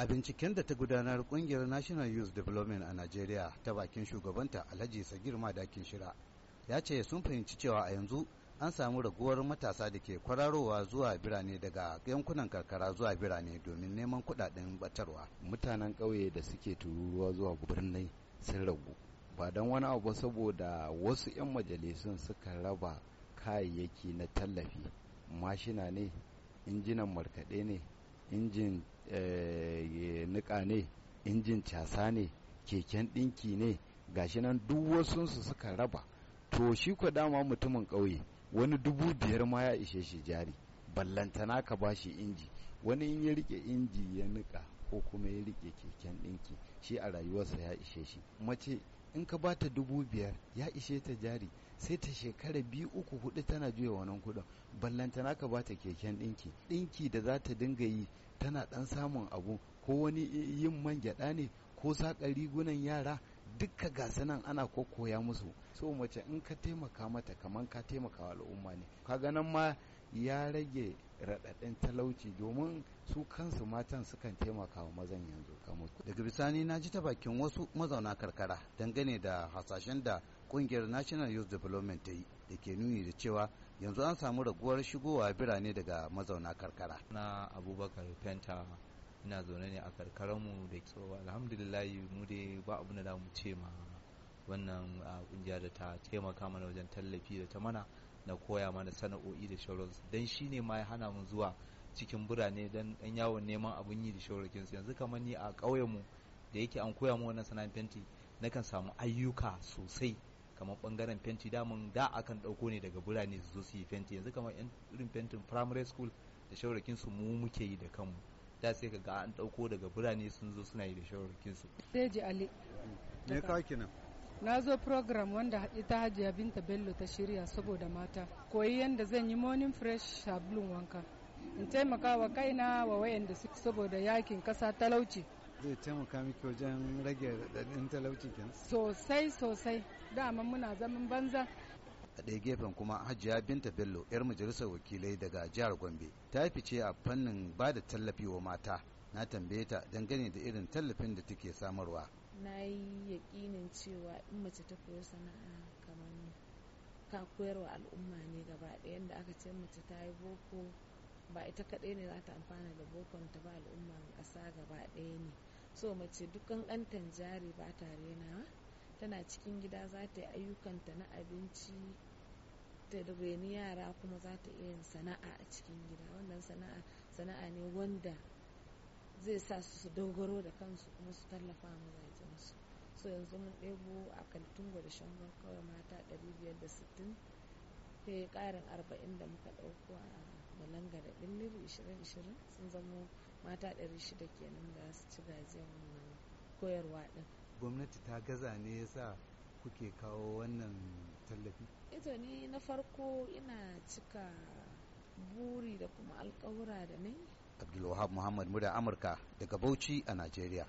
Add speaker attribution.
Speaker 1: a binciken da ta gudanar kungiyar national youth development a Najeriya ta bakin shugabanta alhaji sagir madakin shira ya ce sun fahimci cewa a yanzu an samu raguwar matasa da ke kwararowa zuwa birane daga yankunan karkara zuwa birane domin neman kudaden batarwa
Speaker 2: mutanen ƙauye da suke tururuwa zuwa birnai sun ragu ba don wani abu ba saboda wasu 'yan majalisun suka raba kayayyaki na tallafi mashina ne injinan markaɗe ne injin eh, niƙa ne injin casa ne keken ɗinki ne gashi nan duk su suka raba to shi kwa dama mutumin ƙauye wani dubu biyar ma ya ishe shi jari ballantana ka ba shi inji wani in ya rike inji ya niƙa ko kuma ya rike keken ɗinki shi a rayuwarsa ya ishe shi mace in ka ba ta dubu biyar ya ishe ta jari sai ta shekara biyu uku hudu tana juya wannan kudin na ka ba ta keken ɗinki ɗinki da za ta dinga yi tana ɗan samun abu ko wani yin man gyaɗa ne ko saka rigunan yara dukka gasa nan ana koya musu so mace in ka taimaka mata kamar ka taimaka al'umma ne ka ganin ma ya rage raɗaɗin talauci domin su kansu matan sukan taimaka wa
Speaker 1: mazan yanzu kamar daga bisani na ji ta bakin wasu mazauna karkara dangane da hasashen da kungiyar national youth development ta yi da ke nuni da cewa yanzu an samu raguwar shigowa birane daga mazauna karkara
Speaker 3: na abubakar penta ina zaune ne a karkararmu da so alhamdulillah mu dai ba abu da mu ce ma wannan kungiya da ta taimaka mana wajen tallafi da ta mana na koya mana sana'o'i da shauransu don shi ne ma ya hana mu zuwa cikin birane don ɗan yawon neman abin yi da shaurakin su yanzu kamar ni a ƙauyenmu da yake an koya mu wannan sana'ar fenti nakan samu ayyuka sosai kamar ɓangaren fenti damun da akan ɗauko ne daga birane su zo su yi fenti yanzu kamar irin fentin primary school da shaurakin mu muke yi da kanmu da sai ka ga an ɗauko daga birane sun zo suna yi da shaurakin su.
Speaker 2: na zo program wanda ita hajiya binta bello ta shirya saboda mata koyi yadda zan yi morning fresh sabulun wanka in taimaka wa kaina wa wayanda saboda yakin kasa
Speaker 1: talauci zai taimaka miki wajen rage radadin talauci kenan
Speaker 2: sosai sosai dama muna zaman banza
Speaker 1: a ɗaya gefen kuma hajiya binta bello yar majalisar wakilai daga jihar gombe ta fice a fannin ba da tallafi wa mata na tambaye ta dangane da irin tallafin da take samarwa
Speaker 4: na yi yaƙinin cewa in mace ta koyi sana'a kamar ka koyarwa al'umma ne gaba ɗaya yadda aka ce mace ta yi boko ba ita kaɗai ne za ta amfana da bokon ta ba al'umman ƙasa gaba ɗaya ne so mace dukkan ƙantan jari ba ta renawa tana cikin gida za ta yi ayyukanta na abinci ta reni yara kuma za ta iya yin sana'a a cikin gida wannan sana'a sana'a ne wanda zai sa su su dogaro da kansu kuma su tallafa mazajensu so yanzu mun ɗebo a kaltungo da shangon kawai mata 560 sai ƙarin 40 da muka ɗauko a balanga da ishirin ishirin sun zamo mata 600 kenan da su ci gajiyar koyarwa ɗin
Speaker 1: gwamnati ta gaza ne ya sa kuke kawo wannan tallafi
Speaker 4: Ita eh ni na farko ina cika buri da kuma alkawura da nai
Speaker 1: Abdulwahab Muhammad murya Amurka daga Bauchi
Speaker 2: a Najeriya.